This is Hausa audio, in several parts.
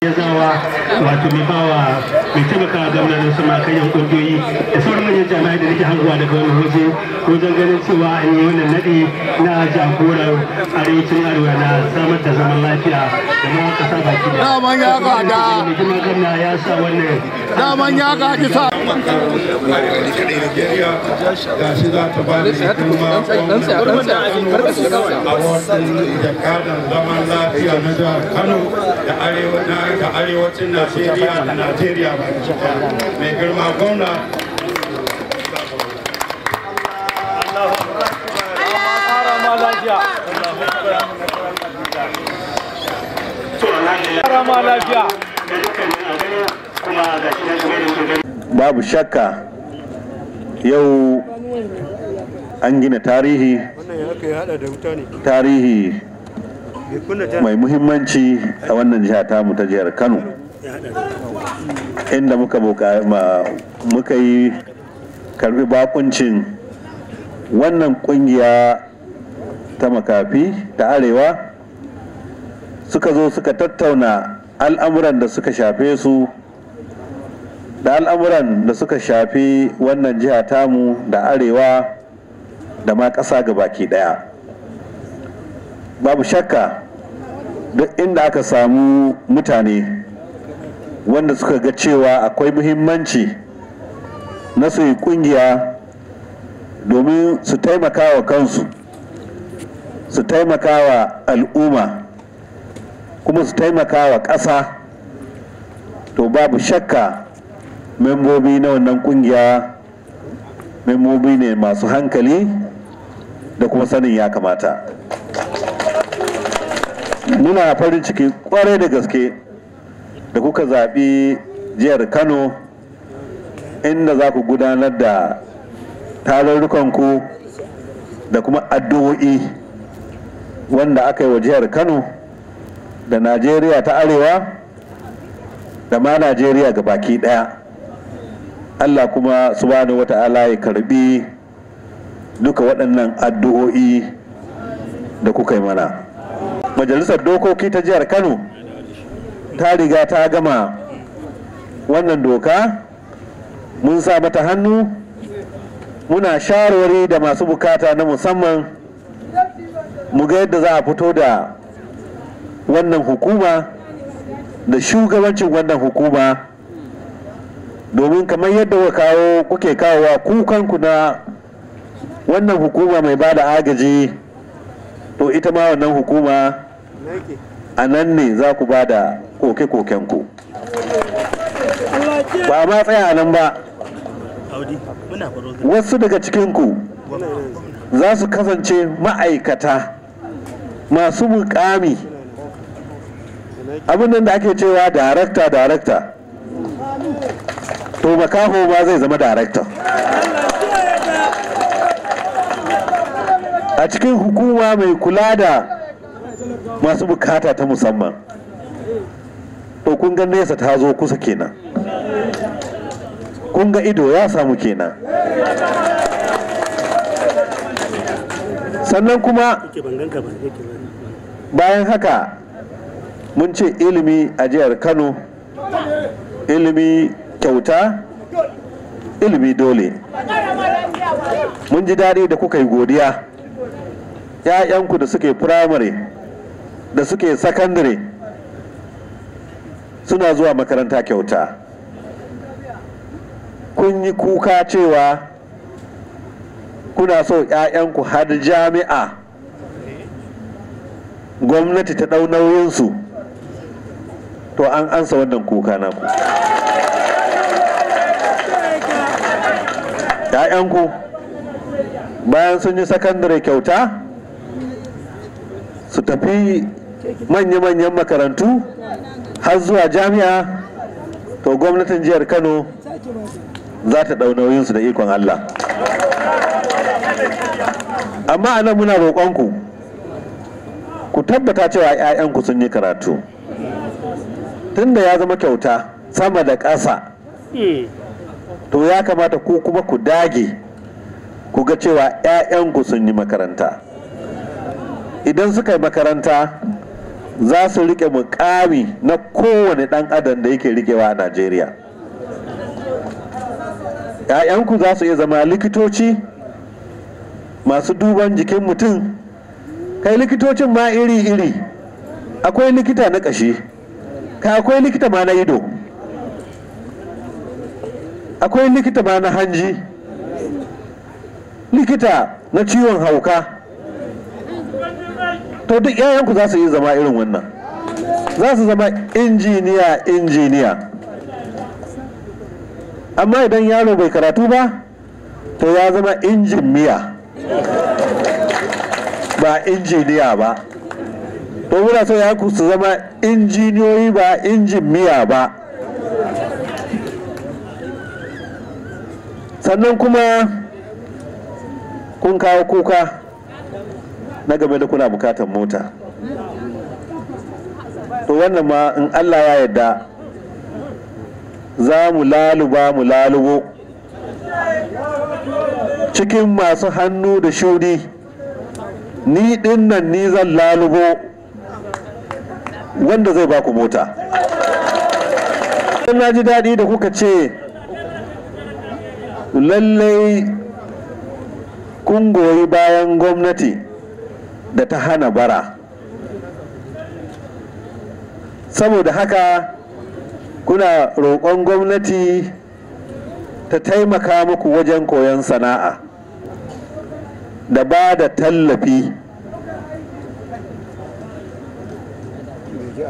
ya zawa wato mai bawa mai taimaka gwamnanin sama kan yan kungiyoyi da sauran manyan jami'ai da nake hanguwa daga wani waje wajen ganin cewa an yi wannan naɗi na jagorar arewacin arewa na samar da zaman lafiya da ma kasa baki da daman ya gada kuma gwamna ya sa wannan daman ya gada sa ga shi za ta ba ni kuma a wasu jakadan zaman lafiya na jihar kano da arewa afirka arewacin najeriya da najeriya ba mai girma gwamna babu shakka yau an gina tarihi tarihi mai muhimmanci a wannan jiha mu ta jihar kano inda muka muka yi karbi bakuncin wannan kungiya ta makafi ta arewa suka zo suka tattauna al'amuran da suka shafe su da al'amuran da suka shafi wannan jiha tamu da arewa da ma ƙasa baki ɗaya babu shakka duk inda aka samu mutane wanda suka ga cewa akwai muhimmanci na su yi kungiya domin su taimaka wa kansu su taimaka wa al'umma kuma su taimaka wa ƙasa to babu shakka membobi na wannan kungiya membobi ne masu hankali da kuma sanin ya kamata muna farin ciki kwarai da gaske da kuka zaɓi jihar kano inda za ku gudanar da tarurrukanku da kuma addu'o'i wanda aka yi wa jihar kano da najeriya ta arewa da ma najeriya ga baki ɗaya allah kuma subhanahu wata'ala ya karbi duka waɗannan addu'o'i da kuka yi mana majalisar dokoki ta jihar kano ta riga ta gama wannan doka mun sa mata hannu muna shawarwari da masu bukata na musamman mu ga yadda za a fito da wannan hukuma da shugabancin wannan hukuma domin kamar yadda wa kawo kuke kawowa kukanku na wannan hukuma mai ba da agaji to ita ma wannan hukuma a nan ne za ku ba da koke koken ku? ba ma tsaya nan ba wasu daga cikinku za su kasance ma'aikata masu mukami abin da ake cewa darakta darakta to makaho ma zai zama darakta a cikin hukuma mai kula da masu bukata ta musamman to kun ga nesa ta zo kusa kenan kun ga ido ya samu kenan sannan kuma bayan haka mun ce ilimi a jihar kano ilimi kyauta ilimi dole mun ji daɗi da kuka yi godiya 'ya'yanku da suke firamare da suke sakandare suna zuwa makaranta kyauta kun yi kuka cewa kuna so 'ya'yanku har jami'a gwamnati ta ɗau nauyinsu to an ansa wannan kuka na ku. ‘ya'yanku bayan sun yi sakandare kyauta su tafi manya-manyan makarantu har zuwa jami'a to gwamnatin jihar kano za ta ɗau nauyinsu da ikon allah amma anan muna roƙonku ku tabbata cewa 'ya'yanku sun yi karatu tunda ya zama kyauta sama da ƙasa to ya kamata ku kuma ku dage ku ga cewa 'ya'yanku sun yi makaranta idan suka yi makaranta za su rike mukami na kowane ɗan adam da yake rikewa a najeriya ‘ya'yanku za su iya zama likitoci masu duban jikin mutum kai likitocin ma iri-iri akwai likita na ƙashi ka akwai likita ma na ido akwai likita ma na hanji likita na ciwon hauka to duk 'ya'yanku za su yi zama irin wannan za su zama injiniya injiniya amma idan yaro bai karatu ba to ya zama injin miya ba injiniya ba to muna so ya su zama injiniyoyi ba injin miya ba sannan kuma kun kawo kuka na game da kuna bukatar mota to wannan ma in allah ya yarda za mu laluba mu lalubo cikin masu hannu da shudi ni nan ni zan lalubo wanda zai baku mota na ji daɗi da kuka ce lallai kun goyi bayan gwamnati da ta hana bara saboda haka kuna roƙon gwamnati ta taimaka muku wajen koyon sana'a da ba da tallafi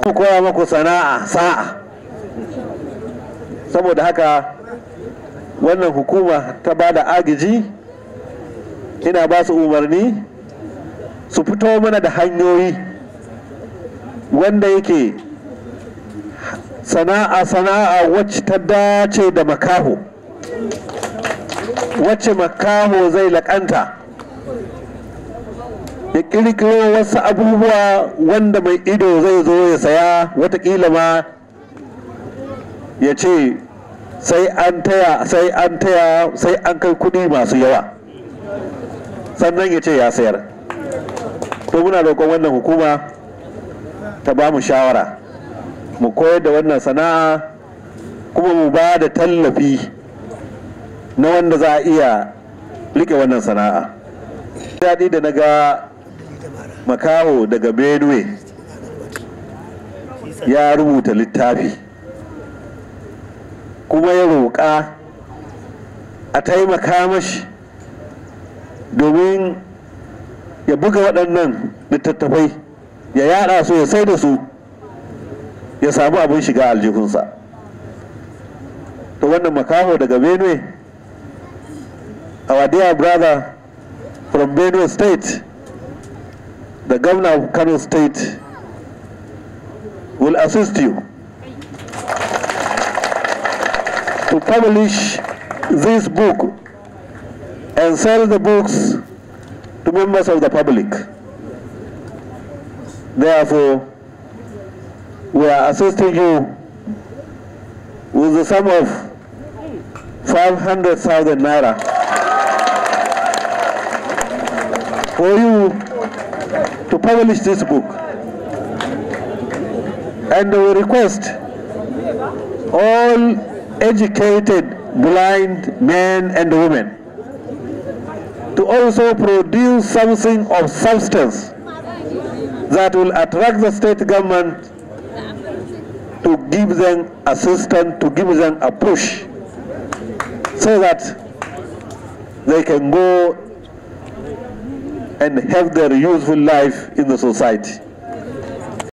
ku koya muku sana'a sa'a saboda haka wannan hukuma ta ba da agiji ina ba su umarni su fito mana da hanyoyi wanda yake sana'a sana'a wacce ta dace da makaho wacce makaho zai laƙanta ya ƙirƙiro wasu abubuwa wanda mai ido zai zo ya saya watakila ma ya ce sai an taya sai an taya sai an kai kuɗi masu yawa sannan ya ce ya sayar ko muna roƙon wannan hukuma ta ba mu shawara mu koyar da wannan sana'a kuma mu ba da tallafi na wanda za a iya rike wannan sana'a daɗi da na ga makaho daga benue ya rubuta littafi kuma ya roƙa a taimaka mashi domin ya buga waɗannan littattafai ya yada su ya sai da su ya samu abin shiga aljihunsa to wannan makaho daga benue our dear brother from benue state the governor of kano state will assist you to publish this book and sell the books to members of the public. Therefore, we are assisting you with the sum of 500,000 naira for you to publish this book. And we request all educated blind men and women to also produce something of substance that will attract the state government to give them assistance, to give them a push so that they can go and have their useful life in the society.